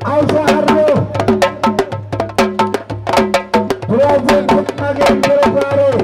Bravo, Magen, Bravo.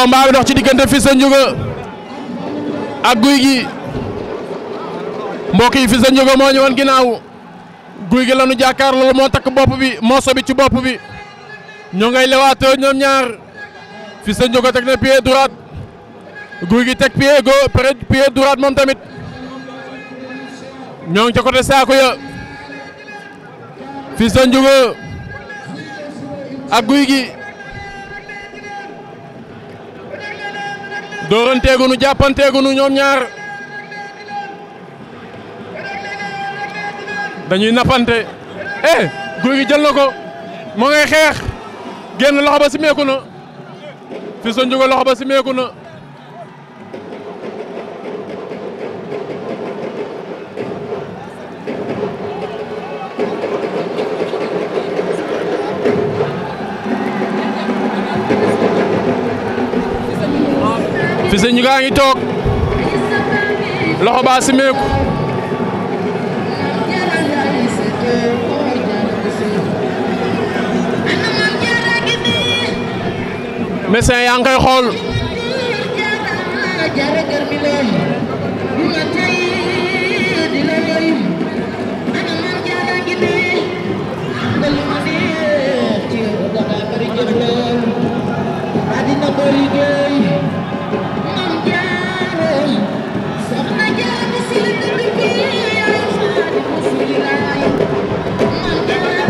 combat bi dox ci diggante Fils sa Ndiouga ak Gouye Gui mbokk yi Fils sa Ndiouga moo ñëwoon ginnaaw guy gi la nu jàkkaar moo takk bopp bi moo sobi ci bopp bi ñoo ngay lewaatoo ñoom ñaar Fils sa Ndiouga teg na pied droite Gouye Gui teg pied gauche pied droite moom tamit ñoo ngi ca côté saako ya Fils sa Ndiouga ak guy gi nu dóoranteegunu nu ñoom ñaar dañuy nappante eh guy gi jël na ko moo ngay xeex génn loxo ba si meeku na Fils de Ndiouga loxo ba si meeku na Fils de Gningue a ngi toog loxo baa simeeku médecin yaa ngi koy xool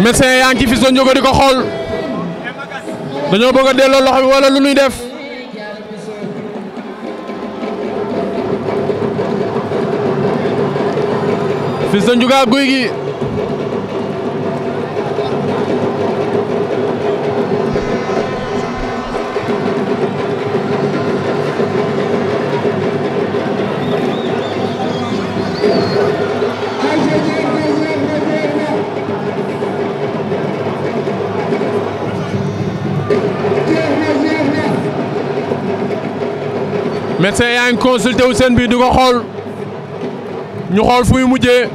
médecin yaa ngi ci Fils de Ndiougo di ko xool dañoo bëgg a delloo loxo bi wala lu ñuy def Fils de Ndiougo médecin yaa ngi consulté wu seen bi di ko xool ñu xool fu muy mujjee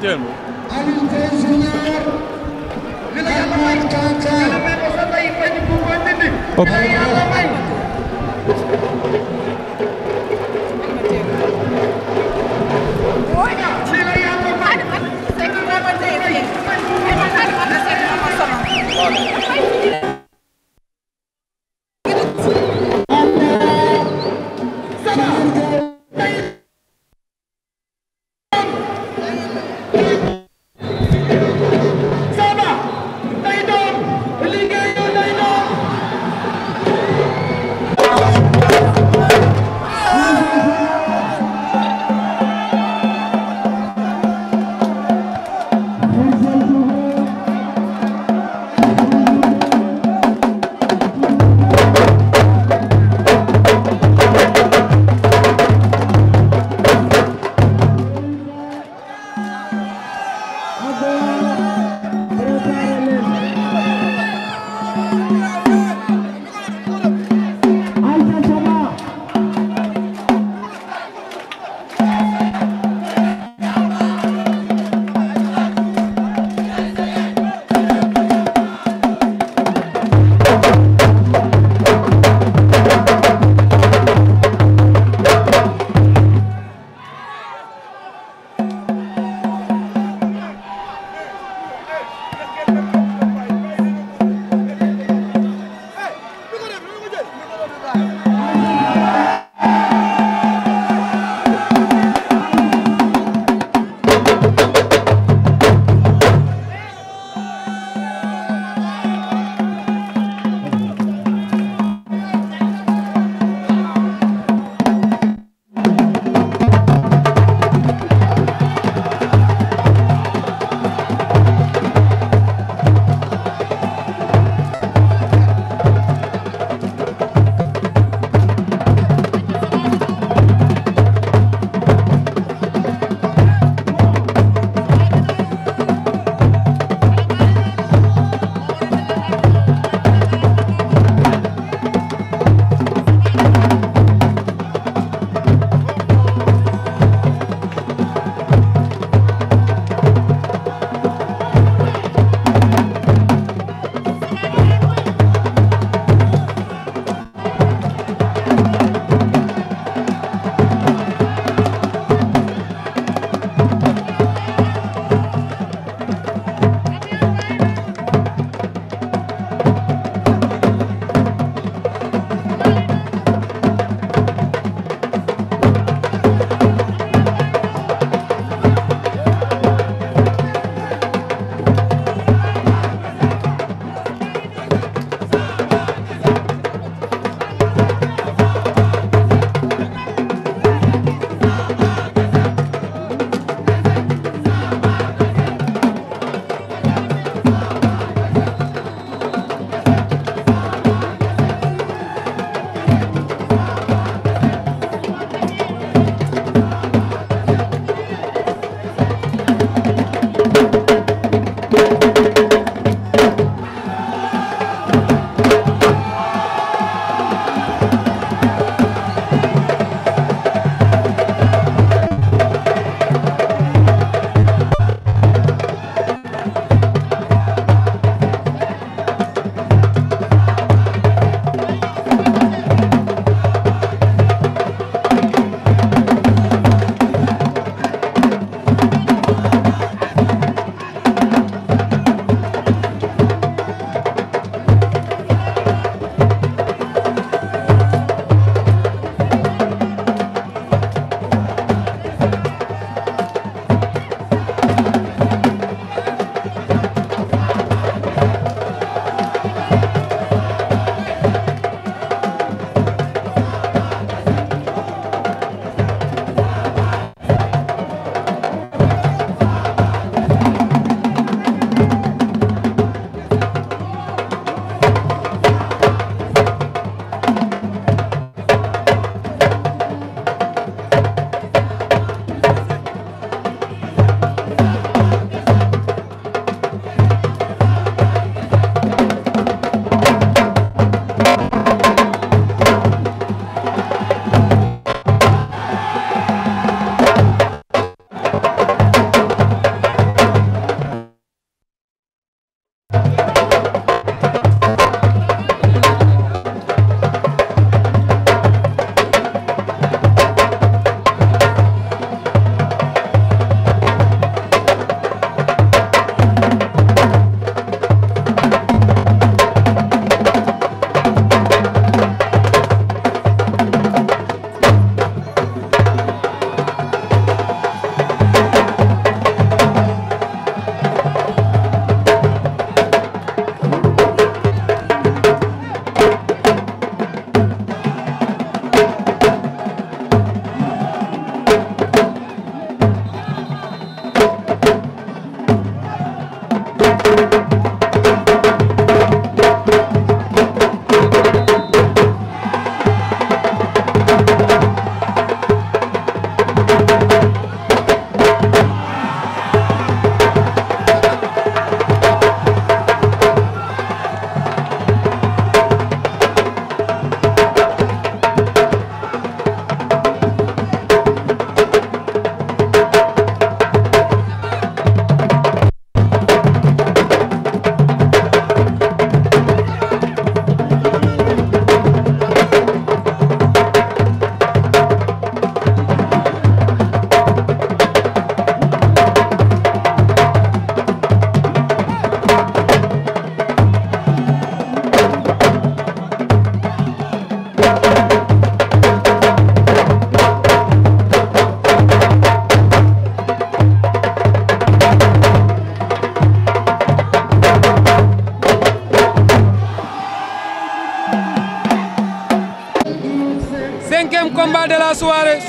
mantel mo Op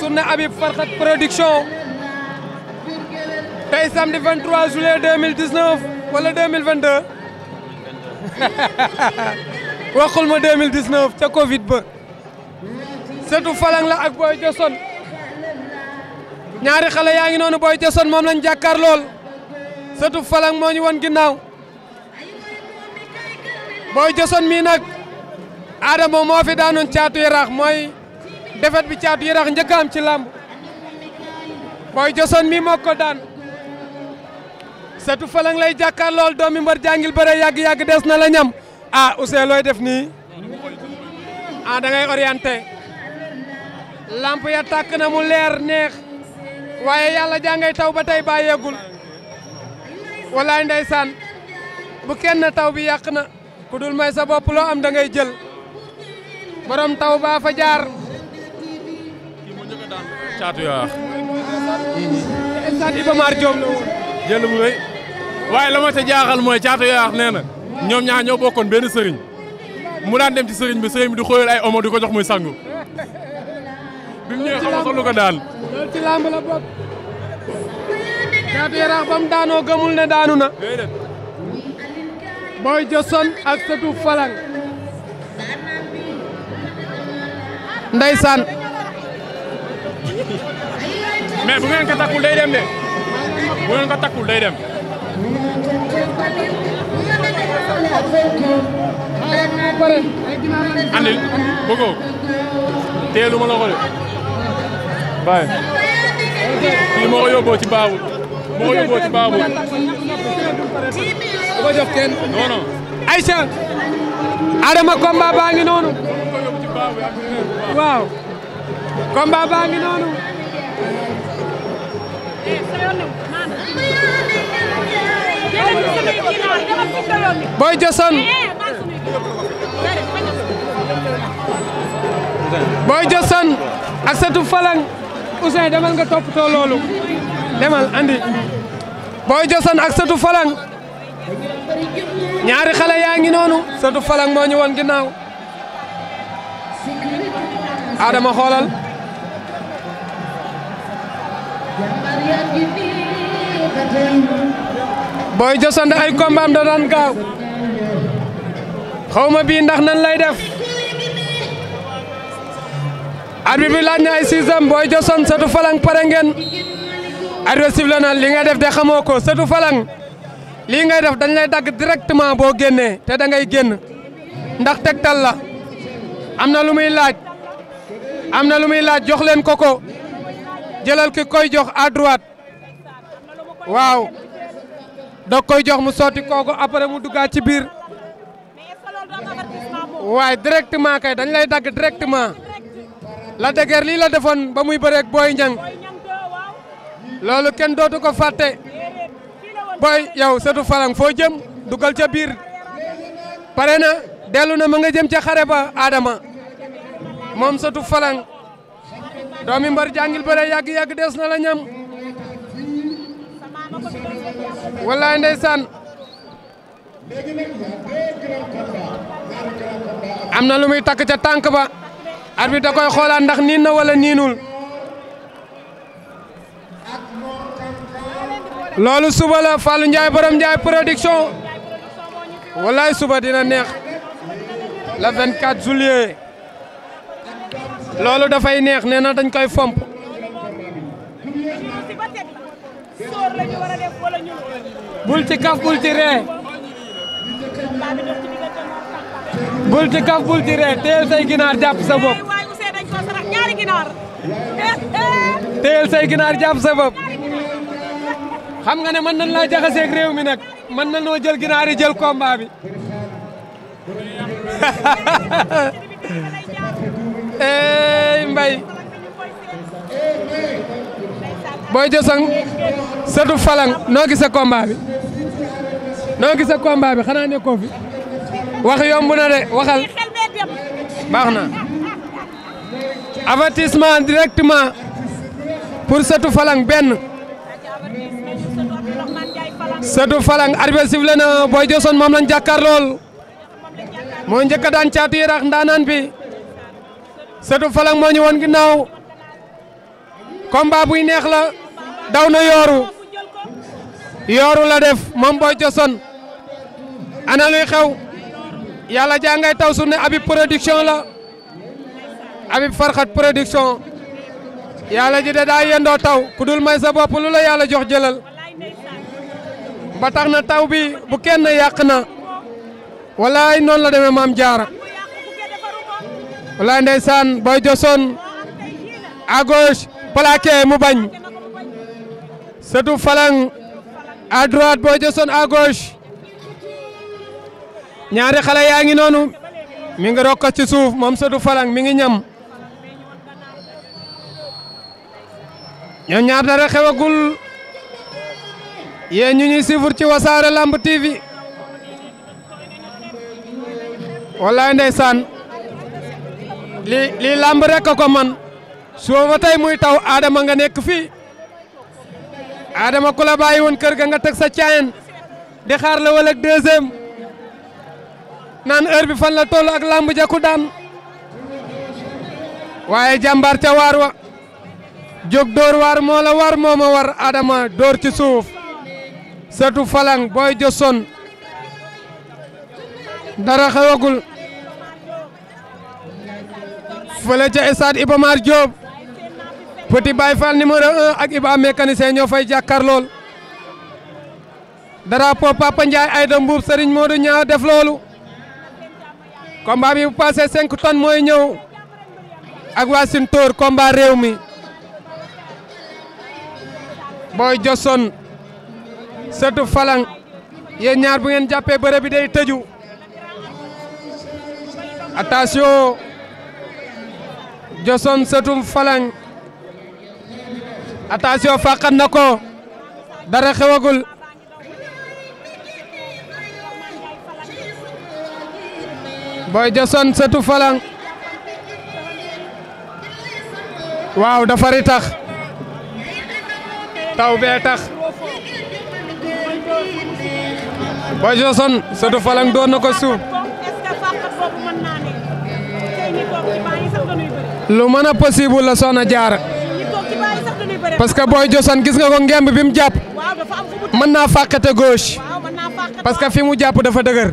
journée Habib Farkhat production tey samedi 23 juillet 2019 wala 2022 waxul ma 2019 ca Covid ba surtout Falang la ak Boy Jason ñaari xale yaa ngi noonu Boy Jason moom lañ jàkkaar lool surtout Falang moo ñu won ginnaaw Boy Jason mii nag Adama moo fi daanoon caatu yaraax mooy. defet bi caatu yi njëkk am ci làmb booy josoon mi moo ko daan setu falang lay jàkkaar lool doomi mbar jàngil bëre yàgg-yàgg des na la ñam ah Ousseyn looy def nii ah da ngay orienté ya tàkk na mu leer neex waaye yàlla jàngay taw ba tey bàyyeegul walaay ndeysaan bu kenn taw bi yàq na ku dul may sa bopp loo am da ngay jël borom taw baa fa jaar caatu yaax. stade Iba Mar Diop jël bu rëy waaye la ma ca jaaxal mooy caatu yaax nee na ñoom ñaar ñoo bokkoon benn sëriñ mu daan dem ci sëriñ bi sëriñ bi di xóoyal ay omo di ko jox muy sangu. bi mu ñëwee xam nga ko daan. loolu ci ba mu daanoo gëmul ne daanu na. booy joson ak sëtu falang. ndeysaan. mais bu ngeen ko takkul day dem de bu ngeen ko takkul day dem. andil bëggoo teelu ma ko de bàyyi lii moo ko yóbboo ci baabul moo ko yóbboo ci baabul Adama combat noonu waaw combat baa ngi noonu Boy Jason Boy Jason ak Satu Falang Ousseyn demal nga toppatoo demal andi Boy Jason ak setu Falang ñaari xale yaa ngi setu Satu Falang moo ñu woon ginnaaw Adama xoolal booy Diosone ay kombaam da daan gaaw xaw bii ndax nan lay def arbitre bi laaj na ay sixième Boy Diosone Sëtu Falang pare ngeen arbitre sifflé na li ngay def de xamoo ko Sëtu Falang lii ngay def dañ lay dagg directement boo génnee te dangay ngay génn ndax tegtal la am na lu muy laaj am na lu muy laaj jox leen ko ko. jëlal ki koy jox à droite waaw da koy jox mu sotti kooku après mu duggaat ci biir waaye directement kay dañ lay dagg directement la dëgër lii la defoon ba muy bëreeg Boy Niang loolu kenn dootu ko fàtte boy yow sëtu falang foo jëm dugal ca biir pare na dellu na ma nga jëm ca xare ba aadama moom sëtu falang doomi mbar jàngil bëre yàgg yàgg des na la ñam wallaay ndeysaan am na lu muy takk ca tànk ba at bi da koy xoolaat ndax niin na walla niinul loolu suba la falu Ndiaye borom Ndiaye production wallaay suba dina neex le 24 juillet loolu dafay neex nee na dañ koy fomp. bul ci kaf bul ci ree. bul ci kaf bul ci ree teel say ginaar jàpp sa bopp. teel say ginaar jàpp sa xam nga ne mën nañ laa jaxaseeg réew mi nag mën nañoo jël ginaar yi jël combat bi. eey mbay Boy Diosone sëtu Falang noo gisee combat bi noo gisee combat bi xanaa nekkoo fi wax yomb na de waxal baax na avertissement directement pour sëtu Falang benn sëtu falan arbitre sifflé na Boy Diosone moom lañ moo njëkk daan caatu yérax ndaanaan bi Sëtu Falak moo ñu woon ginnaaw combat buy neex la daw na yooru yooru la def moom Boy Jason ana luy xew yàlla jàngay taw su ne Habib production la Habib Farxat production la ji de daa yendoo taw ku dul may sa bopp lu la yàlla jox jëlal ba tax na taw bi bu kenn yàq na walaay noonu la demee maam jaara walaay ndeysaan Boy Joson à gauche mu bañ Seydou Falang à Boy Joson à gauche ñaari xale yaa ngi noonu mi ngi rokkas ci suuf moom Seydou Falang mi ngi ñam ñoom ñaar dara xewagul yéen ñu ñuy suivre ci Wassare Lamb TV walaay ndeysaan li lii làmb rek a ko man suba ba tey muy taw aadama nga nekk fii Adama ku la bàyyi woon kër ga nga teg sa caayen di xaar la wala deuxième naan heure bi fan la toll ak làmb ja ku daan waaye jàmbaar ca waar wa jóg dóor waar moo la war moo ma war Adama dóor ci suuf sëtu falang booy joson dara xewagul fële ca stade Iba Mar Diop Petit Baye Fall ak Iba mécanicien ñoo fay jàkkaarlool drapeau Papa Ndiaye Aïda Mbuub Serigne Modou Niang def loolu combat bi bu passé 5 tonnes mooy ñëw ak waa Sintor combat réew mi booy Joson sëtu Falang yéen ñaar bu ngeen jàppee bëre bi day tëju Joson sëtum Falang attention fàqat na ko dara xewagul Boy Joson sëtu Falang waaw dafa ri tax taw bee tax Boy Joson sëtu Falang doon ko suuf lu mën a possible la soxna jaara parce que booy josan gis nga ko ngemb bi mu jàpp mën naa fàqate gauche parce que fi mu jàpp dafa dëgër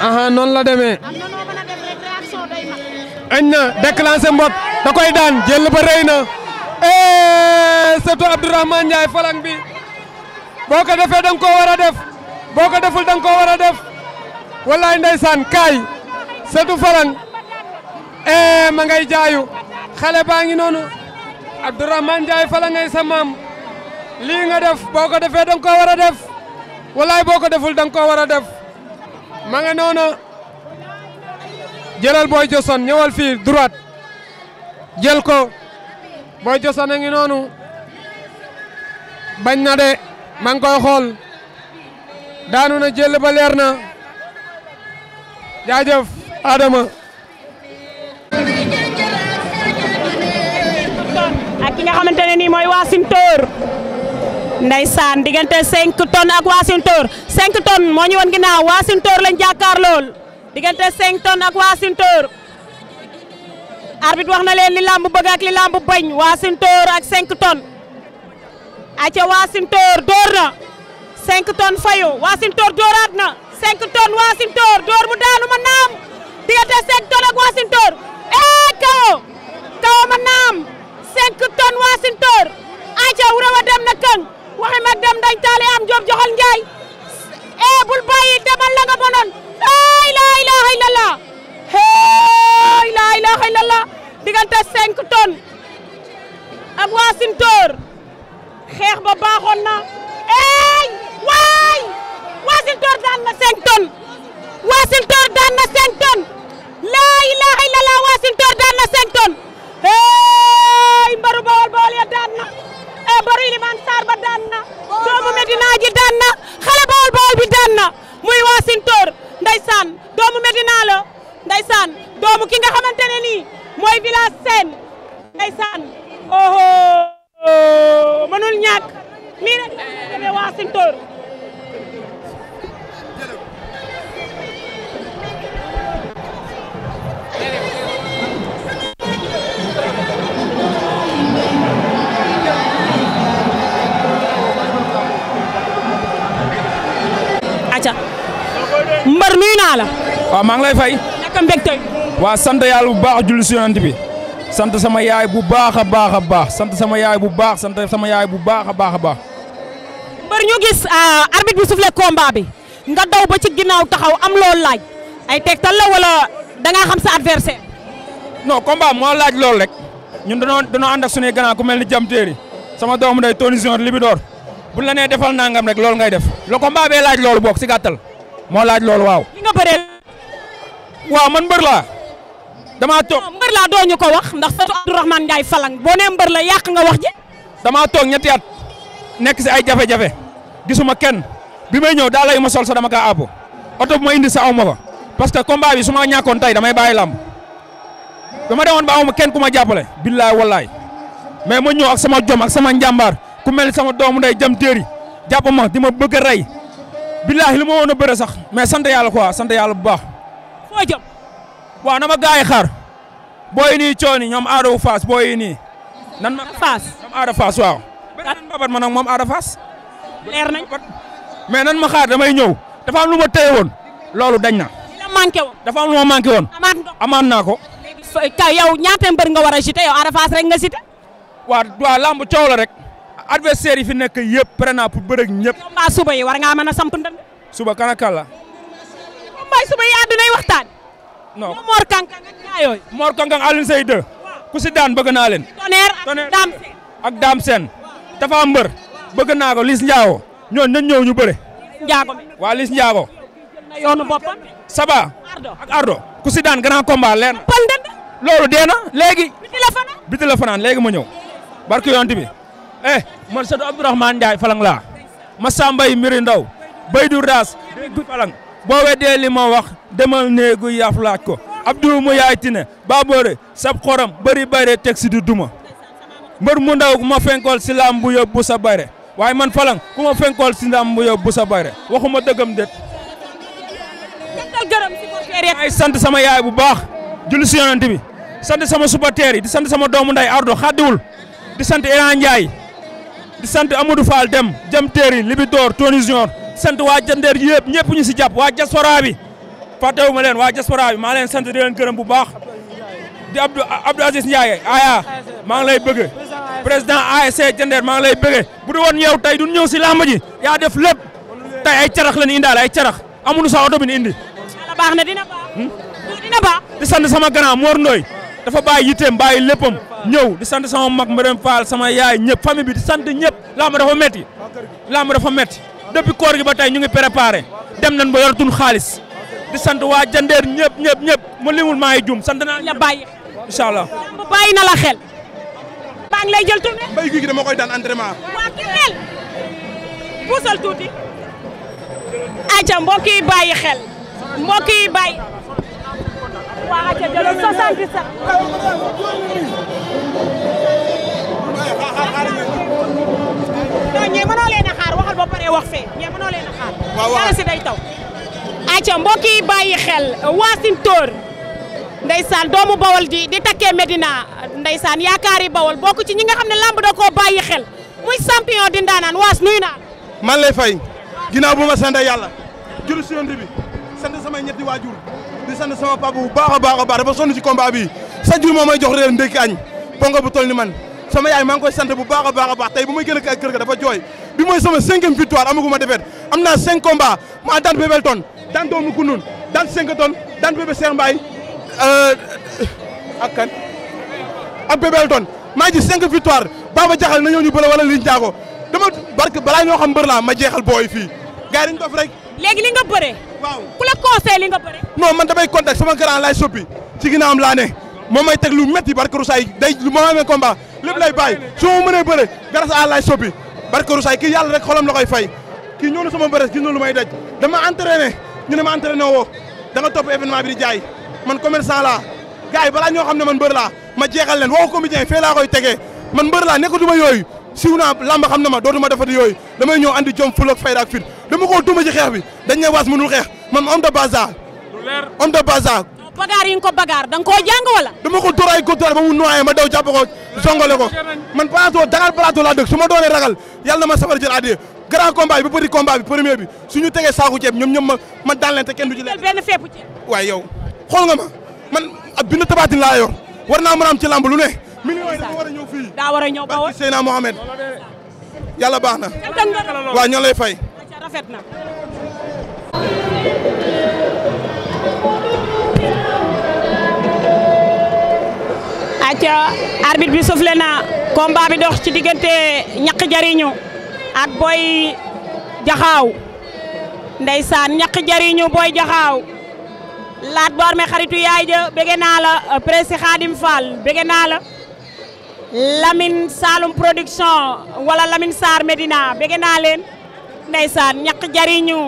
aha noonu la demee añ na déclenché mbot da koy daan jël ba rëy na eh, surtout Abdourahmane Ndiaye falang bi boo ko defee da nga war a def boo ko deful da nga koo war a def wallaay ndeysaan kaay surtout falang e ma ngay jaayu xale baa ngi noonu Abdourahmane Ndiaye fala ngay sa maam lii nga def boo ko defee da ko koo war a def walaay boo ko deful da ko koo war a def ma nga noonu jëlal booy joson ñëwal fii droite jël ko booy joson a ngi noonu bañ na de ma ngi xool daanu na jël ba leer na jaajëf Adama ak ki nga xamante ne nii mooy Wassintor ndeysaan diggante 5 tonnes ak Wassintor 5 tonnes moo ñu woon ginnaaw Wassintor lañ jàkkaar lool diggante 5 tonnes ak Wassintor arbitre wax leen li làmb bëgg ak li làmb bañ Wassintor ak 5 tonnes aca Wassintor door na 5 tonnes fayu Wassintor dooraat na 5 tonnes Wassintor door mu daanu ma naam diggante 5 tonnes ak Wassintor ee eh, kawo kawo ma naam cinq tonnes waasintoor aca wuraw a dem na këng waxi mag dem dañ taale am joob joxal njaay e eh, bul demal la nga mënoon ey la ilaha illallah hey la ilaha illallah diggante cinq tonnes ak waasintoor xeex ba baaxoon na ey waay waasintoor daan na cinq tonnes waasintoor daan na cinq tonnes la ilaha illallah waasintoor daan na cinq tonnes hey mbaru bool bool ya daan na eh mbaru Ilimane Sarr ba daan na doomu Medina ji daan na xale bool bool bi daan na muy Wassintor ndeysaan doomu Medina la ndeysaan doomu ki nga xamante ne nii mooy village Sène ndeysaan oho mënul ñàkk mii rek demee Wassintor Get him. Mbar nuyu naa la. waaw maa ngi lay fay. naka mbégte. waa sant yàlla bu baax julli si yonent bi. sant sama yaay bu baax a baax a baax sant sama yaay bu baax sant sama yaay bu baax a baax a baax. mbër ñu gis ah, arbitre bi soufflé combat bi nga daw ba ci ginnaaw taxaw am loolu laaj ay tegtal la wala da ngaa xam sa adversaire. non combat moo laaj loolu rek ñun danoo danoo ànd ak suñuy gànnaaw ku mel ni jamteeri sama doomu day Tony Junior Libidor buñ la nee defal nangam rek loolu ngay def le combat bee laaj loolu bokk si gàttal. moo laaj loolu waaw. li man mbër laa. damaa toog mbër laa doo ñu ko wax ndax sëtu Abdourahmane Ndiaye Falang boo nee mbër la yàq nga wax ji. damaa toog ñetti at nekk si ay jafe-jafe gisuma kenn bi may ñëw daal lay ma sol sa dama kaa àbb oto bu ma indi sa aw ma fa parce que combat bi su ma ñàkkoon tey damay bàyyi làmb dama demoon ba amuma kenn ku ma jàppale. billaay wallaay mais ma ñëw ak sama jom ak sama njàmbaar ku mel ni sama doomu ndey jam téeri jàpp ma di ma bëgg a rey billaahi li ma won a bëre sax mais sant yàlla quoi sant yàlla bu baax. foo jëm. waaw na ma gars yi xaar booy yi nii cooni ñoom aada faas booy yi nan ma faas ñoom aada faas waaw. beneen babat ma nag moom aada faas. leer nañ mais nan ma xaar damay ñëw dafa am lu ma téye woon loolu dañ na. la dafa am lu ma manqué woon. amaat nga naa ko. yow ñaata mbër nga war a cité yow aada faas rek nga cité. waaw waaw lamb coow la rek. adversaire yi fi nekk yëpp pare naa pour bëreeg ñëpp. combat suba yi war ngaa mën a samp ndënd. suba kan ak kan la. yi waxtaan. non Mor Kankang ak gaa yooyu. ku si daan bëgg naa leen. tonnerre ak Dame Sène ak Dame Sène dafa am mbër bëgg naa ko Liss Ndiago ñooñu ñu bëre. Ndiago waa Liss Ndiago. yoonu Saba Ardo ku si daan grand leen. loolu dee na léegi. biti fanaan léegi ma ñëw barki yonent eh man sëtu Abdourahmane Ndiaye falang laa Massamba yi Miri Ndaw Baydu Raas boo weddee li ma wax demal néegu yaaf laaj ko Abdou mu yaay tine Baabore sab xorom bëri bayre teg si di duma mbër mu ndaw ma fenkool si laam bu yóbbu sa bayre waaye man falang ku ma fenkool si laam bu yóbbu sa bayre waxuma dëggam déet ay sant sama yaay bu baax julli si yonent bi sant sama supporters yi di sant sama doomu nday Ardo xaddiwul di sant Iran Ndiaye di sant Amadou Fall dem jëm teeri Libidor Tony Junior sant waa jandeer yëpp ñëpp ñu si jàpp waa diaspora bi fàttewu ma leen waa diaspora bi maa leen sant di leen bu baax di Abdou Abdou Aziz Ndiaye maa ngi lay bëgg président ASC jandeer maa ngi lay bu du woon yow tey du ñëw si làmb ji yaa def lépp tey ay carax lañu indaale ay carax amuñu sa oto bi ñu indi. dina baax na hmm? dina baax. di sant sama grand Mor Ndoye dafa bàyyi yitteem bàyyi léppam ñëw di sant sama mag Mbërëm Fall sama yaay ñëpp famille bi di sant ñëpp làmb dafa metti làmb dafa metti depuis koor gi ba tey ñu ngi préparé dem nañ ba yoratun xaalis di sant waa jandeer ñëpp ñëpp ñëpp mu limul maa ngi juum sant naa la bàyyi incha allah bàyyi na la xel baa ngi lay jël tourné mbay gi dama koy daan entraînement waa tournel puusal tuuti aca mbokk yi bàyyi xel mbokk yi bàyyi waa aca jëlal 77 non ñee mënoo leen a xaar waxal ba pare wax fee ñee mënoo leen a xaar dara na day taw aca mbokk yi bàyyi xel Wassintor ndeysaan doomu bawol ji di takkee Medina ndeysaan yaakaari bawol bokk ci ñi nga xam ne làmb da koo bàyyi xel muy champion di waas nuyu naa man lay fay ginnaaw ma sant yàlla jur si yonent bi sant samay ñetti sant sama papa bu baax a baax a baax dafa sonn ci combat bi chaque jour moo may jox réer ndékki añ bongo bu toll ni man sama yaay maa ngi sant bu baax a baax a baax tey bu may gën a kër ga dafa jooy bi mooy sama cinquième victoire ma defet am naa cinq combats maa daan bébel tonne dan doomu kunun daan cinq tonnes daan bébé Cheikh Mbaye euh, ak kan ak bébel tonne maa ngi ci cinq victoire ba Jaxal na ñëw ñu bëre wala liñ jaago dama barke balaa ñoo xam mbër laa ma jeexal booy fii gars yi dañ rek léegi li nga bëree waaw ku la conseil li nga bëre. non man damay contact sama grand laay soppi ci ginnaawam laa ne moom may teg lu métti barke Roussay day lu ma amee combat lépp lay bàyyi su ma mënee bëre à laay soppi barke Roussay kii yàlla rek xolam la koy fay kii ñëw sama bëre gis na lu may daj dama entraîné ñu ne ma entraîné woo da nga topp événement bi di jaay man commerçant laa gars yi balaa ñoo xam ne man mbër laa ma jeexal leen woo comédien fee laa koy tegee man mbër laa nekkatuma yooyu siw naa làmb xam na ma dootuma defati yooyu damay ñëw andi jom ful ak dama koo duma ci xeex bi dañ ne waas mënul xeex man homme de bazar. du leer homme de bazar. bagaar yi nga ko bagaar da nga koo jàng wala. dama ko dóor ay góor ba mu noyé ma daw jàpp ko man plateau Dakar plateau laa ma doonee ragal yàlla na ma sabar jël addiya grand combat bi ba petit combat bi premier bi suñu saako ceeb ñoom ñoom ma ma daan leen te kenn du ci leen. benn fépp ceeb. waaye yow xool nga ma man ab bind tabaatin laa yor war naa mën a am ci lamb lu ne. millions yi dafa war a ñëw fii. daa war a ñëw ba woon barke Seyna Mohamed yàlla baax na. waaw ñoo lay fay. rafet na. acca arbitre bi soufflé na combat bi dox ci diggante ñaq jariñu ak boy jaxaaw ndeysaan ñaq jariñu boy jaxaaw laat bu armé xaritu yaay ja bëgg naa la euh, presse Khadim Fall naa la Lamine Saloum production wala Lamine Sarr Medina bëgg naa leen ndeysaan ñaq jariñu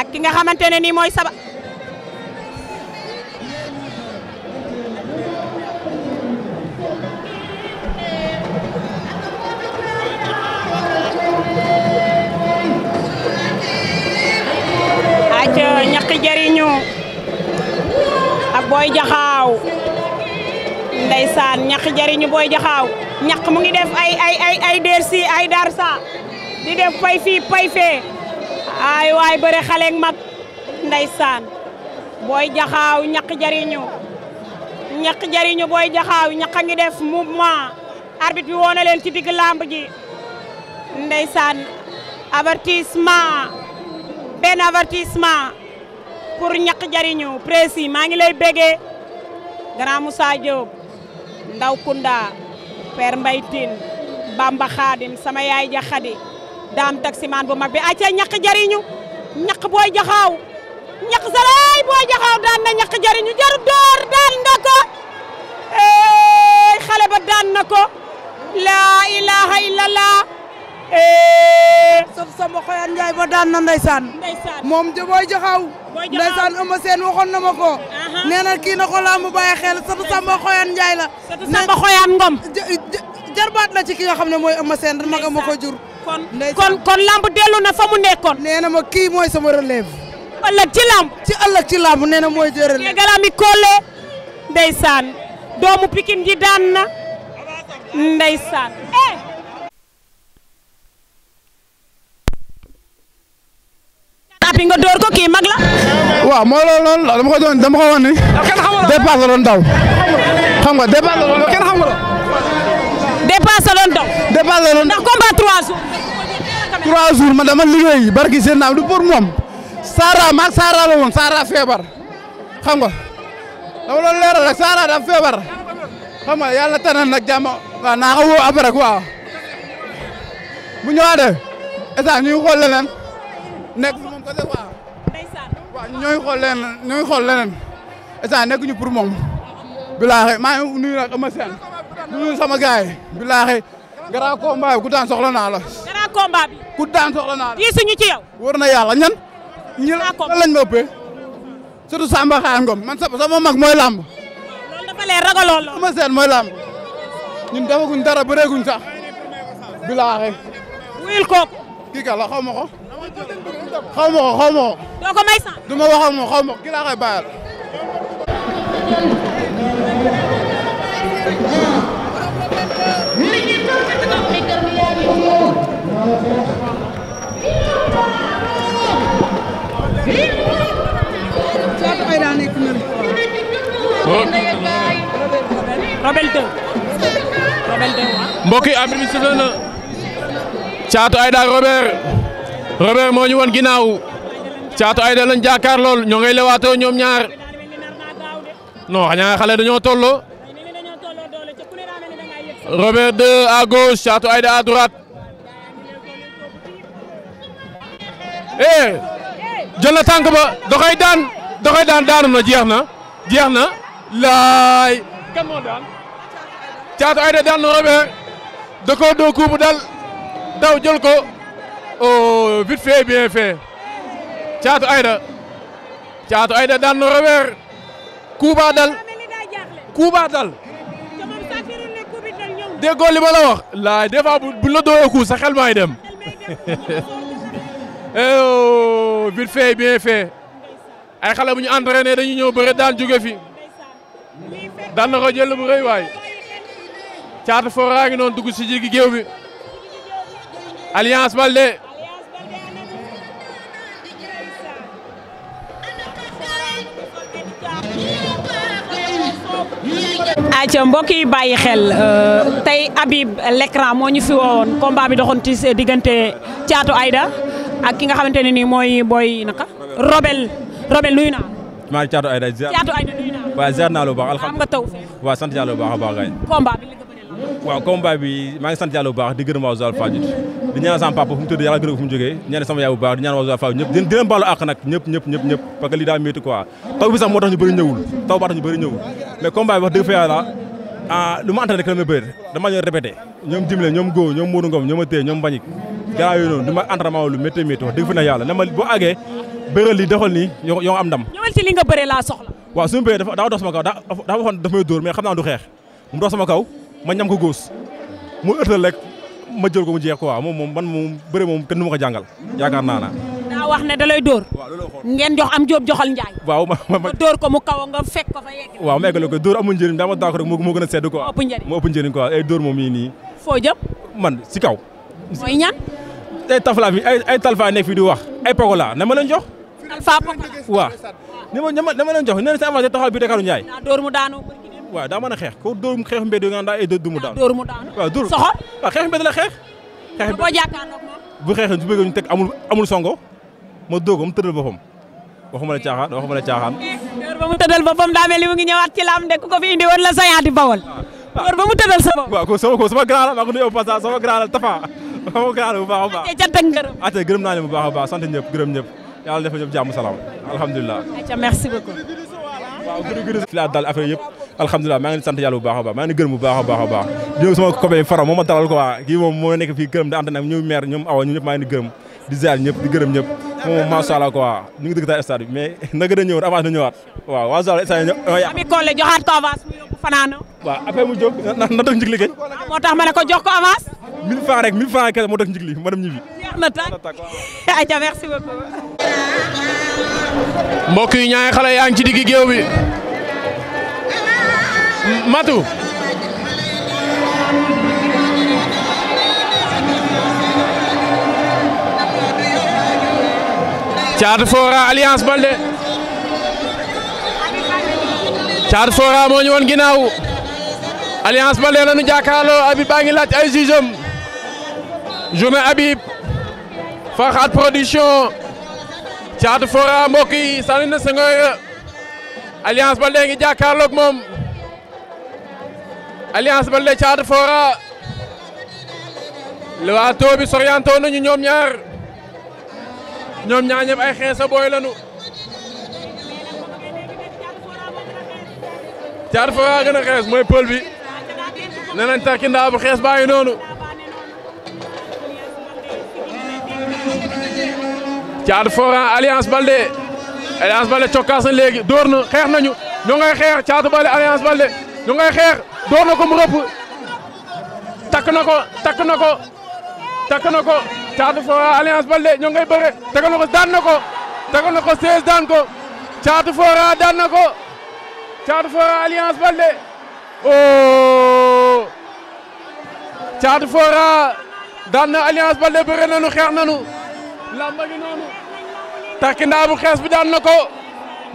ak ki nga xamante ne nii mooy saba ac ñaqi ak booy jaxaaw ndeysaan ñaqi jariñu booy jaxaaw ñaq mu ngi def ay ay ay ay darsa di def pay fii pay ay waay bëre xale ak mag ndeysaan booy jaxaaw ñaq jariñu ñaq jariñu booy jaxaaw ñaq a ngi def mouvement arbitre bi woona leen ci digg làmb ji ndeysaan avertissement benn avertissement pour ñaq jariñu précis maa ngi lay bégee grand Moussa Diop ndaw Kounda père Mbaytin Bamba Khadim sama yaay ja daam taximaan bu mag bi ay ca ñaq jariñu ñaq booy jaxaaw ñaq salaay booy jaxaaw daan na ñaq jariñu jaru door daan na ko xale ba daan na ko laa ilaha illallah sof sama xoyaan njaay ba daan na ndeysaan moom de booy jaxaaw ndeysaan ëmb seen waxoon na ma ko nee na kii na ko lamb bàyyi xel samba xoyaan njaay la satu samba xoyaan ngom jarbaat la ci ki nga xam ne mooy ëmb seen magam ma jur kon kon kon lamb dellu na fa mu nekkoon. nee na ma kii mooy sama relève. ëllëg ci lamb. ci ëllëg ci lamb nee na mooy jërël. te galaami Kole ndeysaan doomu pikin ji daan na ndeysaan. Eh! tapi nga door ko kii mag la. waaw moo loolu loolu dama ko doon dama ko woon ni. dépasse daw. xam nga dépasse la daw trois jours ma dama liggéey barki seen naam du pour moom Sara maag Sara la woon Sara feebar xam nga dama loolu Sara dafa feebar xam nga yàlla tànnal na jàmm waaw naa ko woo après quoi bu ñëwaatee état ñu ngi xool leneen nekk moom côté quoi waaw ñooy xool leneen xool leneen état nekk ñu pour moom bilaaxe maa ngi nuyu nag ama seen sama gaay bilaaxe grand combat bi ku daan soxla naa la. grand combat bi. ku daan soxla naa la. fii suñu ci yow. wër na yàlla ñan. ñi lan lañ ma ëppee. surtout Samba Xaar Ngom man sama mag mooy làmb. loolu dafa lay dara bëreeguñ sax. bilaahi. wuyul kooku. kii ka la xaw ma ko. du ma waxoon ma xaw ma Caatu Aida nekk na Robel yi arbitre bi Robert moo ñu woon ginnaaw Caatu Aida lañ jàkkaar lool ñoo ngay lewaatoo ñoom ñaar non xanaa xale dañoo tolloo Robert 2 à gauche Caatu Aida eh jël na tànk ba da koy daan da daan daanu na jeex na jeex na laay kan moo caatu ayda daan na Robert doo kuubu dal daw jël ko oh vite fait caatu ayda caatu ayda daan na Robert dal kuubaa dal déggoo li ma la wax laay des fois bu la dooyee kuu xel maay dem oh vite fait bien fait ay xale bu ñu entraîné dañuy ñëw bëre daan jóge fi daan jël bu rëy caatu fora ngi noonu dugg si jigi géew bi alliance Baldé aca mbokk yi bàyyi xel euh, tey Habib l'écran moo ñu fi woowoon combat bi doxoon ci diggante caatu Aïda ak ki nga xamante ne nii mooy booy naka. Robel Robel nuyu naa. maa ngi caatu Ayda ziar caatu Ayda nuyu naa. waaw naa lu baax alhamdulilah am nga taw waa waaw sant yàlla baax a baax gaay. combat bi li nga bëri la. maa ngi sant yàlla baax di gërëm waa Joal Fadiouth di ñaan sama papa fu mu tëdd yaay bu baax di ñaan waa Joal Fadiouth ñëpp di di leen baalu àq nag ñëpp ñëpp ñëpp ñëpp parce que lii taw bi sax moo tax ñu bëri ñëwul taw baa tax ñu bëri ñëwul mais combat bi wax dëgg fa yàlla ah lu ma entraîné la may bëri ñoo répété ñoom dimle ñoom góo ñoom Modou Ngom ñoom Atee gannaaw yooyu noonu du ma entraînement lu métti métti wax dëgg fa na yàlla na ma boo àggee bëral li doxal nii yoo am ndam. ñëwal ci li nga bëree laa soxla. waaw su ma bëree dafa dox sama kaw ma ñam ko góos mu ëttal rek ma jël ko mu jeex moom moom man moom bëre moom kenn du ma ko jàngal yaakaar naa naa. daa wax ne da lay dóor. ngeen jox am jóob joxal njaay. waaw ma ma dóor ko mu kaw nga fekk ko fa yegg. waaw ma eggale ko dóor amul njëriñ daa ma daa ko rek moo gën a sedd quoi. moo ëpp njëriñ quoi ay eh, dóor moom yii nii. foo jëm. man si kaw. mooy ñan. ay tafla bi ay ay talfa nekk fii di wax ay Pokola na ma leen jox. talfa Pokola waaw. ni ma na ma leen jox nee na sa avancé bi Dakaru Ndiaye. waaw dóor mu daanu. waaw daa mën a xeex ko dóor mu xeex mbedd nga daa ay mu daanu. dóor mu xeex mbedd la xeex. xeex mbedd boo jàkkaarloog moom. bu xeexee su bëggee ñu teg amul amul songo ma dóor ko mu tëddal boppam waxuma la caaxaan waxuma la caaxaan. Eh, dóor ba mu tëddal boppam daa mel ni mu ngi ñëwaat ci laam de ku ko fi indi woon la sayaati bawal. Ah. dóor ko sama ko la maa ko nuyoo passage sama avocat la bu baax a baax ate cant ak ngërëm gërëm naa leen baax a baax sant ñëpp gërëm ñëpp yàlla defal ñëpp jàmm salaam alhamdulilah aca merci beaucoup waaw gërë gërë laa dal affaire yëpp alhamdulilah maa ngi leen sant yàlla bu baax a baax maa ngi gërëm bu baax a baax a baax di sama copain Fara moo ma dalal quoi kii moom moo nekk fii gërëm da ante nag ñoom maire ñoom awa ñu ñëpp maa ngi gërëm di ziar ñëpp di gërëm ñëpp moom macha allah quoi ñu ngi dëgg taa stade bi mais naka dañu ñëwoon avance na ñëwaat waaw waaw Zale stade ñëw. Ami Collé joxaat ko avance mu yóbbu Fanaano. waaw après mu jóg na na toog njigli kañ. moo tax ma ne ko jox ko avance. 1000 francs rek 1000 francs kese moo toog njigli ma dem ñibbi. jeex na tàkk ayca merci beaucoup. mbokk yi ñaari xale yaa ngi ci digg géew bi. Matu. Thiatou Fora Alliance Baldé Thiatou Fora moo ñu woon ginnaaw Alliance Baldé la nu jàkkaarloo Habib baa ngi laaj ay jugeem journée Habib Farhat production Thiatou Fora mbokk yi sànni na sangoor Alliance Baldé ngi jàkkaarloog moom Alliance Baldé Thiatou Fora le waa too bi soriantoo nañu ñoom ñaar. ñoom ñaar ñëpp ay xeesa booy lañu. caatu fora gën a xees mooy pël bi nee nañ bu xees baa ngi noonu. caatu fora alliance Balde alliance Balde cokkaas na léegi door na xeex nañu ñoo ngay xeex caatu Balde alliance Balde ñoo ngay xeex door ko mu rëpp takk na ko takk Thiatou Fora Alliance Baldé ñoo ngay bëre tegal na ko daan na ko tegal na ko 16 daan ko Thiatou Fora daan na ko Thiatou Fora Alliance Baldé oh Thiatou xeex nanu lamba gi noonu takkindaa bu xees bi daan na ko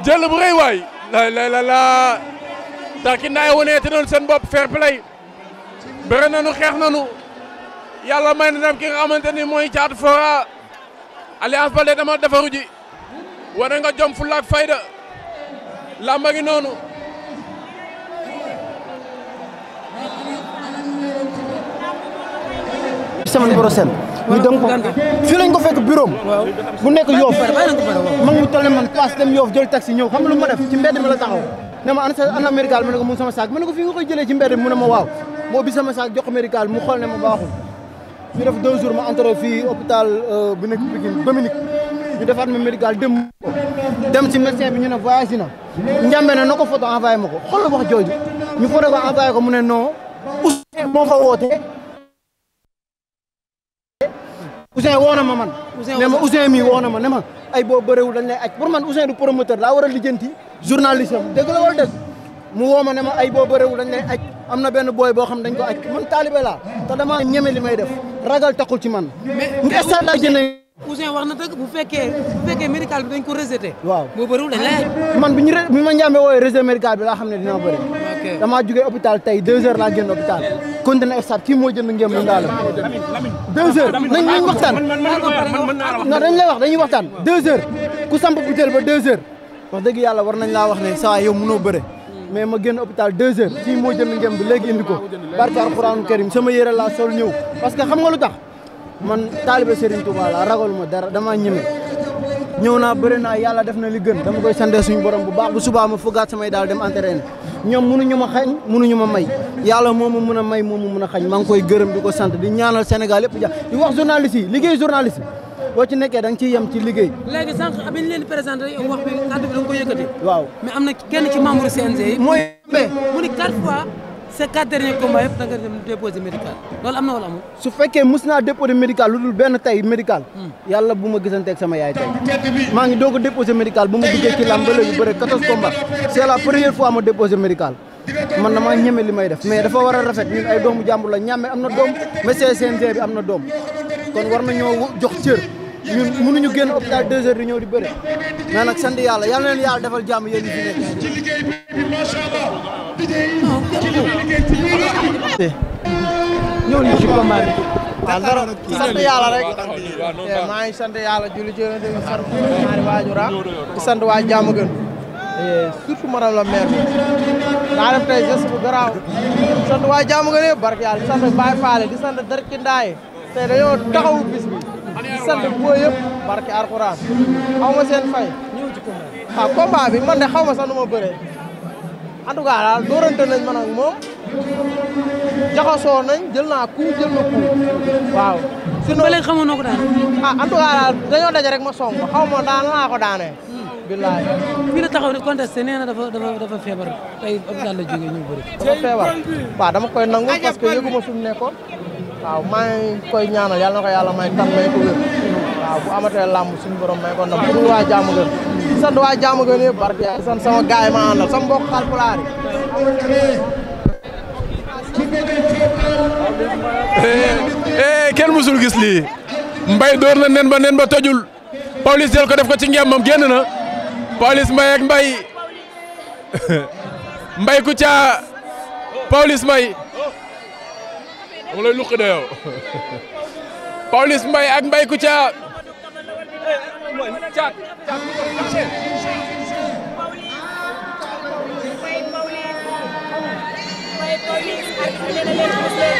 jël bu rëy waay lay lay la la takkindaa yi woneete noonu seen bopp fair play bëre nanu xeex nanu yàlla may na dem ki nga xamante ni mooy caatu fora alliance Baldé dama defaru ji wane nga jom fulla ak fayda lamba gi noonu semaine prochaine ñu dem ko fii fekk bureau bu yoof mag mu toll man paas dem yoof jël taxi ñëw xam lu ma def ci taxaw ne ma ana médical ma ne ko mun sama saak ma ne ko fii nga jëlee ci mbedd mi mu ne ma waaw moo bi sama saak jox médical mu xool na ma baaxul fi def deux jours ma entré fii hôpital euh, bu nekk Pikine Dominique ñu defaat médical dem dem ci médecin bi ñu ne voyage na njàmbe ne na ko photo envoyé ma ko xoolal wax jooju ñu photo ko envoyé ko mu ne noo Ousseyn moo fa woote Ousseyn woo na ma man ne ma Ousseyn mi woo na ma ne ay boo bëréwul dañ lay aj pour man Ousseyn du promoteur laa war a lijjanti journaliste am dëgg la wala dëgg mu woo ma ne ma ay boo bëriwul dañ lay aj am na benn booy boo xam dañ ko aj man taalibe laa dama ñeme li may def ragal taxul ci man. mais laa jëndee. Ouzin wax na dëgg bu fekkee bu fekkee médical bi dañ ko rejeté. waaw boo bëriwul dañ lay man bi ñu bi ma njàmbee wooyee rejet médical bi laa xam ne dina bëri. ok damaa jugee hôpital tey deux la laa génn hôpital. continué stade kii moo jënd ngeen mu ndaala. deux heures nañ waxtaan. non dañ lay wax dañuy waxtaan deux heures ku samp butéel ba deux heures. wax dëgg yàlla war nañ laa wax ne saa yow mënoo bëre mais ma génn hôpital deux heures kii moo jënd ngem bi léegi indi sama yére sol ñëw parce que xam nga lu tax man taalibe Serigne Touba laa ma dara damaa ñeme ñëw naa bëri na yàlla def na li gën dama koy sante suñu borom bu baax bu subaa ma fogaat samay daal dem entraîné ñoom mun mënuñu ma xañ mënuñu ma may yàlla moo ma mën a may moo ma mën a xañ maa ngi koy gërëm di ko sant di ñaanal Sénégal yëpp ja di wax journaliste yi liggéey journaliste yi boo ci nekkee da nga ciy yem ci liggéey léegi sànq bi ñu leen présenté wax bi kàddu bi da nga koy yëkkati waaw mais am na kenn ci membre CNG mooy mu ni quatre fois ces quatre derniers combats yëpp da nga dem déposé loolu am na wala amul su fekkee mus naa déposé médical lu dul benn tey médical hmm. yàlla bu ma gisanteeg sama yaay tey maa ngi doog a déposé médical bu ma duggee ci làmb ba léegi bëre quatorze combats c'est la ma déposé médical man li may def mais dafa war a rafet ñun ay doomu jàmbur la ñàmme am na doom mais na doom kon war na ñoo jox ñun mënuñu génn hôpital deux heures di ñëw di bëre mais nag sant yàlla yal na leen yàlla defal jàmm yéen ñi fi nekk. ñëw ñu ci combat bi. waaw dara sant yàlla rek. maa ngi sant yàlla julli ah. waa jàmm gën. Eh, surtout madame la maire daa def tey geste bu garaaw sant waa jàmm gën yëpp barke yàlla di sant Baye Fall di sant Derki Ndaye tey dañoo taxawu di sant boo yëpp barke Alxuraan xaw ma seen fay. ñëw ci combat bi. waaw ah, combat bi man de xaw ma sa nu ma bëree en tout cas daal dóorante nañ man ak moom jaxasoo nañ jël naa coup jël na coup waaw. sinon ba na ko daan. ah en tout cas ma song ko xaw ma daan laa ko daanee. Hmm. billaay. fii la taxaw ni contesté nee na dafa dafa dafa feebar tey hôpital la jógee ñu bëri. dafa feebar waaw dama koy nangu parce que yëgu ma fi mu nekkoon. waaw maa ngi koy ñaanal yàlla na ko yàlla may tan may ko wér bu amatee làmb suñu borom may ko ndam bu waa jaamu gën di waa jaamu gën yëpp barke di sant sama gaay ma àndal sama mbokk xalpulaar yi eh, eh, kenn musul gis lii mbay door na nen ba nen ba tojul Pawlish jël ko def ko ci ngembam génn na Pawlish Mbaye ak Mbaye Mbaye Kouthia Pawlish dama lay luqi de yow Pawlish Mbaye ak Mbaye Kouthia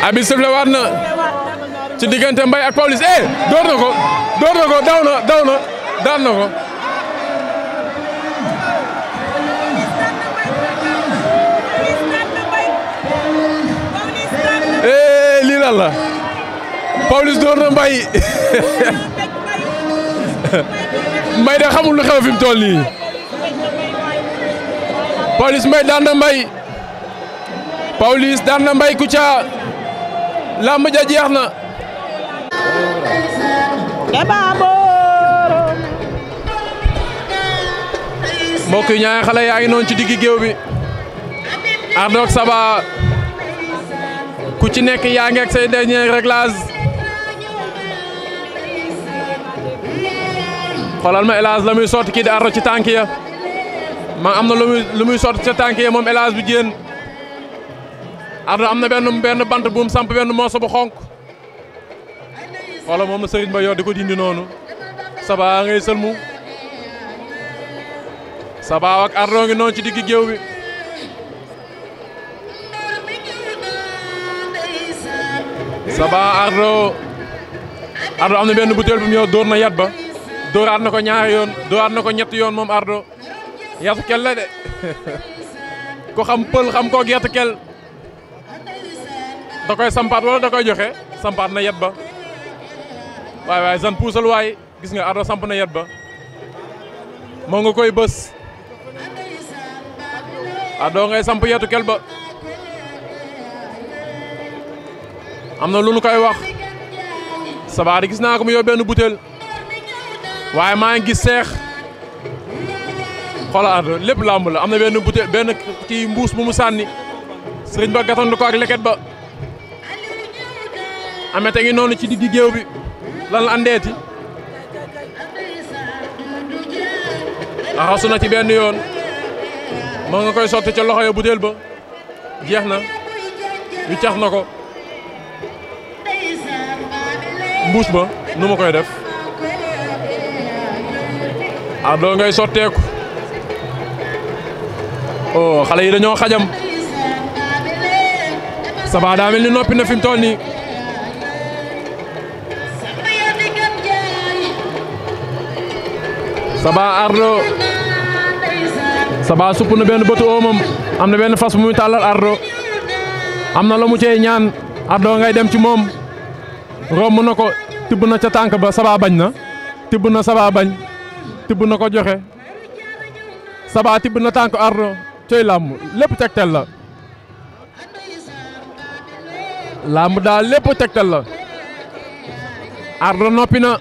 abi sëf la waat na ci diggante Mbaye ak Pawlish eh door na ko door na ko daw na daw na ko yàlla Pawlish door na Mbaye Mbaye de xamul lu xew fi mu toll nii Pawlish Mbaye daan na Mbaye Pawlish daan na Mbaye Kouthia làmb ja jeex na mbokk yi ñaari xale ngi noonu ci diggi géew bi Ardo ak Saba ci nekk yaa ngi ak say dernier réglage xoolal ma élage la muy sotti kii di arro ci tànk ya am na lu muy muy sotti ca tànk ya moom élage bu jéen ardo am na benn benn bant bu mu samp benn mooso bu xonk xoolal moom la Serigne Ba yor ko dindi noonu Saba ngay sëlmu Saba ak ardo ngi noonu ci digg géew bi Saba Ardo Ardo am na benn butéel bu mu ñëw dóor na yat ba dóoraat na ko ñaari yoon dóoraat na ko ñetti yoon moom Ardo yatu kel la de ko xam pël xam koog yatu kel da koy sampaat wala da koy joxe sampaat na yat ba waaye waay zan puusal waay gis nga Ardo samp na yat ba moo nga koy bës Ardo ngay samp yatu kel ba. am na lu nu koy wax sabaari gis naa ko mu yóbbu benn butéel waaye maa ngi gis seex xoolaat lépp làmb am na benn butéel benn kii mbuus bu mu sànni sëriñ ba gatandu ko ak leket ba amete ngi noonu ci diggi géew bi lan la andeeti axasu na ci benn yoon moo nga koy sotti ca loxo ya butéel ba jeex na yu cax na ko mbuus ba nu ma koy def ah ngay sotteeku oh xale yi dañoo xajam Saba daa ni noppi na fi mu toll nii Saba Ardo Saba supp na benn bëtu oomam am na benn fas bu muy tàllal Ardo am na la mu ñaan Ardo ngay dem ci moom. romb na ko tibb na ca tànk ba sabaa bañ na tibb na sabaa bañ tibb na ko joxe sabaa tibb na tànk ardo coy làmb lépp tektel la làmb daal lépp tegtal la ardo noppi na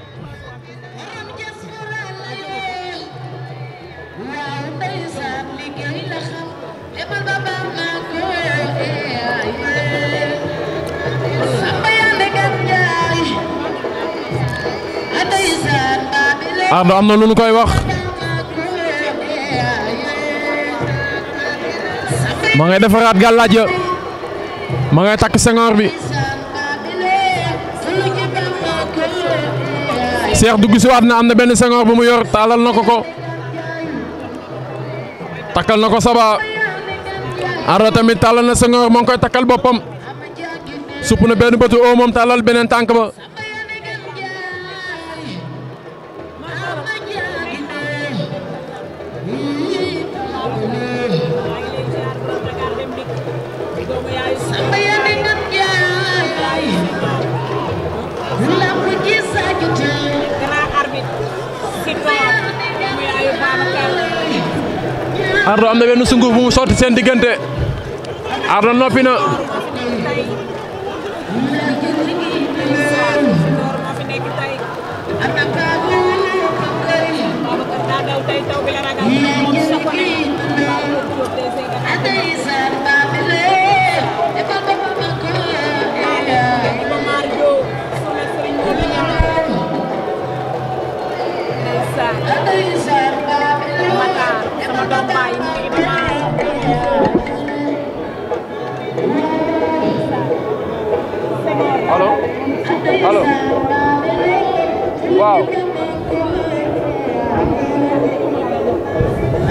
Ardo am na lu ñu koy wax ma ngay defaraat gàllaaj ya ma ngay takk sengoor bi Seex du si na am na benn sengoor bu mu yor taalal na ko ko takkal na ko saba Ardo tamit taalal na sengoor moo ngi koy takkal boppam supp na benn bëtu oo taalal beneen tànk ba Ardo am na benn sunguf bu mu sotti seen diggante na Amazing. ต้องไปไม่ได้ฮัลโหลฮัลโหลว้าว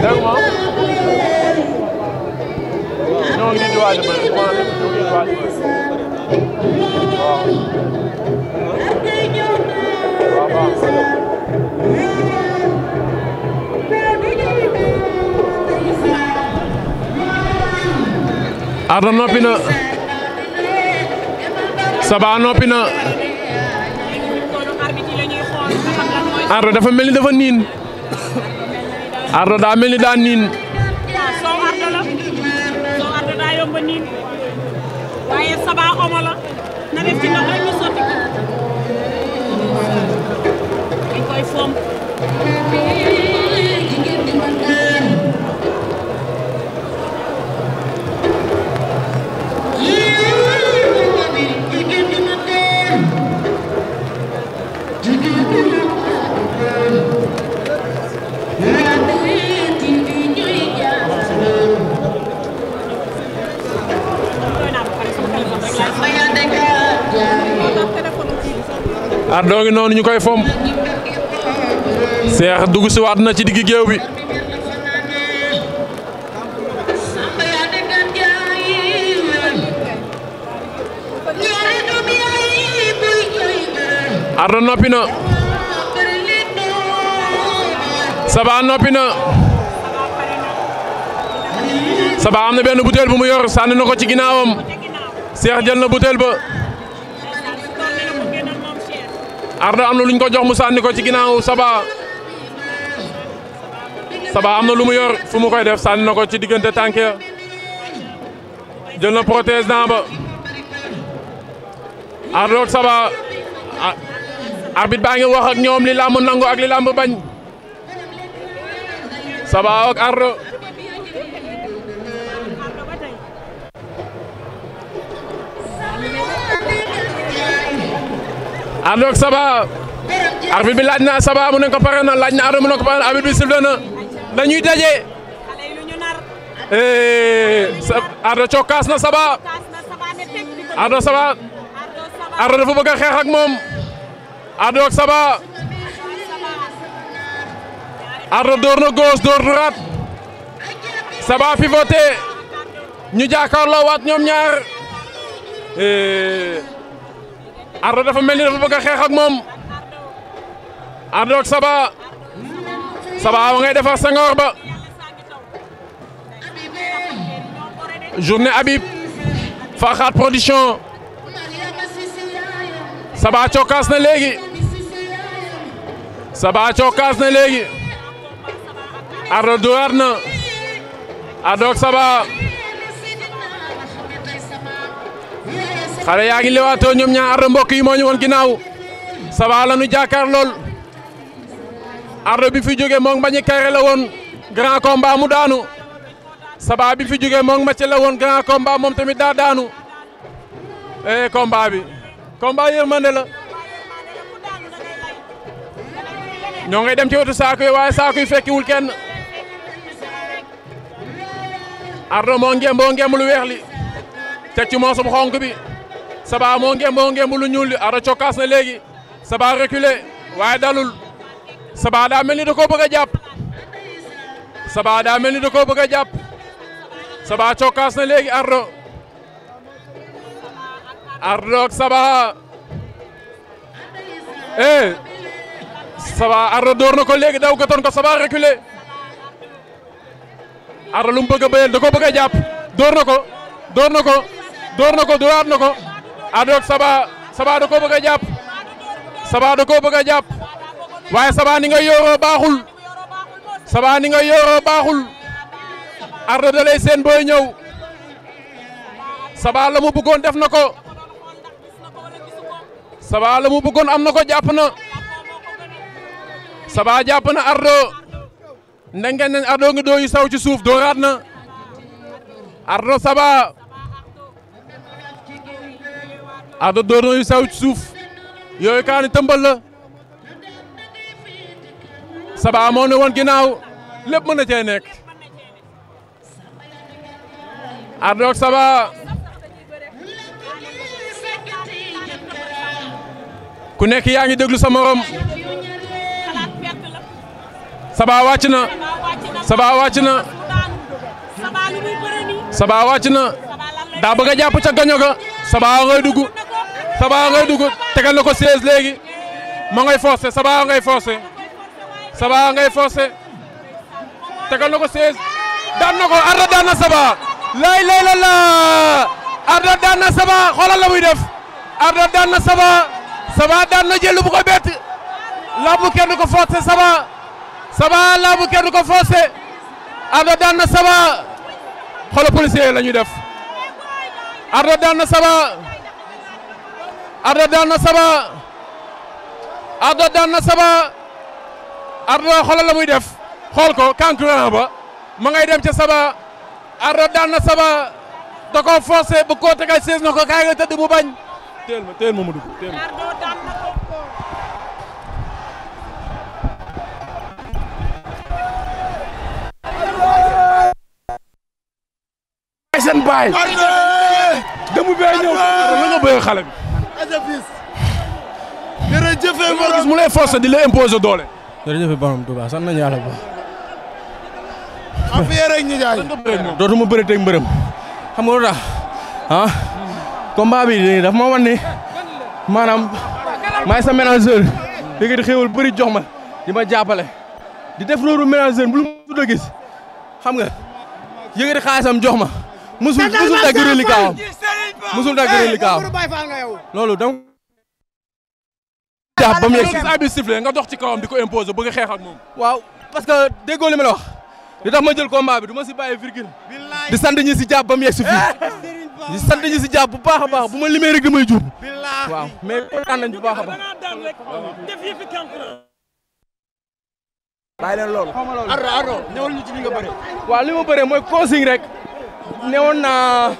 ดังมั้งน้องกินด้วยมั้ยน้องกินด้วยมั้ยว้าวว้าว Ardo noppi na Saba noppi na Ardo dafa mel ni dafa niin Ardo daa mel ni daa niin Ardo ah, noonu ñu koy fomp Cheikh dugg si waat na ci digg géew bi Ardo noppi na Saba noppi na Saba am na benn butéel bu mu yor sànni na ko ci ginnaawam Cheikh jël na butéel ba Ardo am na luñ ko jox mu sànni ko ci ginnaaw Saba Saba am na lu mu yor fu mu koy def sànni na ko ci diggante tànk ya jël na protège dent ba Ardo ak Saba arbitre baa ngi wax ak ñoom li làmb nangu ak li làmb bañ Saba ak Ardo àndoog Saba arbitre bi laaj na Saba mu ne ko pare na laaj na Ada ne ko pare na arbitre bi sifflé na dañuy daje Ada eh, cokkaas na Saba Ada Saba Ada dafa bëgg a xeex ak moom Ada ak Saba Ada door na gauche door droite Saba pivoté ñu jàkkaarloo waat ñoom ñaar eh. Ardo dafa mel ni dafa bëgg a xeex ak moom Ardo ak Saba Saba wa ngay defar Senghor ba journée Habib Fakhat production Saba cokkaas na léegi Saba cokkaas na léegi Ardo duwaat na Ardo ak Saba xale yaa ngi lewaatoo ñoom ñaar Ardo mbokk yi moo ñu woon ginnaaw Saba la nu jàkkaar lool Ardo bi fi jóge moom Mbañi Kayré la woon grand combat mu daanu Saba bi fi jóge moom Mathieu la woon grand combat moom tamit daa daanu eh combat bi combat yërmande la ñoo ngay dem ci wetu saako yi waaye saako yi fekkiwul ken Ardo moo ngem boo ngem lu weex li teg ci xonk bi Saba moo ngemb moo ngemb lu ñuul li Ada cokkaas na léegi Saba reculé waaye dalul Saba daa mel ni da koo bëgg a jàpp Saba daa mel ni da koo bëgg jàpp Saba cokkaas na léegi Ardo Ardo ak Saba eh Saba Ardo door na ko léegi daw gëtoon ko Saba reculé Ardo lu mu bëgg a bëyal da koo bëgg a jàpp door na ko door na ko door na ko. Addo Saba Saba da koo a jàpp Saba da koo bëgg a jàpp waaye Saba ni nga yoroo baaxul Saba ni nga yoroo baaxul da lay seen booy ñëw Saba la mu bëggoon def na ko Saba la mu bëggoon am na ko jàpp na Saba jàpp na Ardo ndengeen nañ Ardo nga dooyu saw ci suuf dooraat na Ardo Saba Ada door na yu sew ci suuf yooyu kaani tëmbal la Saba moo ne woon ginnaaw lépp mën na cee nekk Saba ku nekk yaa ngi déglu sa morom Saba wàcc na Saba wàcc na Saba wàcc na daa bëgg a jàpp ca gaño ga Saba ngay dugg Saba ngay dugg tegal na ko siège léegi ma ngay forcé Saba ngay forcé Saba na ko siège daan ko Ardo daan na Saba lay lay la la Ardo daan na Saba xoolal la muy def Ardo daan Saba Saba daan na jël bu ko bett ko forcé Saba Saba laabu kenn ko forcé Ardo daan Saba xoolal policier la def Ardo daan Saba Ardo daan na Saba Ardo daan na Saba la muy def xool ko kankuran ba ma ngay dem ca Saba Ardo daan na Saba da bu ko tegal sées na ko kaay nga tëdd mu bañ. teel ma teel ma ma dugg teel ma. baay. damu bee ñëw. nga bëgg xale bi. jërëjëf moo gis mu lay forcer di lay imposer doole. jërëjëf borom Touba sant nañu yàlla bu baax. am fi yéen rek ñu xam nga lu tax ah, bi léegi ma wan ni maanaam maay sa manager. léegi di xéewal bëri jox ma di ma jàppale. di def loolu manager bu lu mu gis xam nga yëngati xaalisam jox ma. musul musul dagg reliquat musul dagg li kaaw loolu dam jàpp ba mu yegg si abi sifflé nga dox ci kawam di ko imposer bëgg a moom waaw parce que déggoo li ma la wax li tax ma jël combat bi du ma si bàyyi virgule di sant ñi si jàpp ba mu yegg si eh, di sant ñi si jàpp bu baax a baax bu ma limee rek damay jub waaw mais kontaan bu baax a baax bàyyi leen loolu ardo ardo ñëwal ñu ci li nga bëre waaw li ma bëre mooy consigne rek newoon naa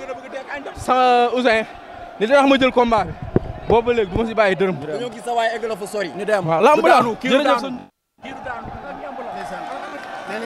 sa Ousseyn li tax ma jël combat bi boobu ba léegi du ma si bàyyi dërëm. dañoo gis sa waay egg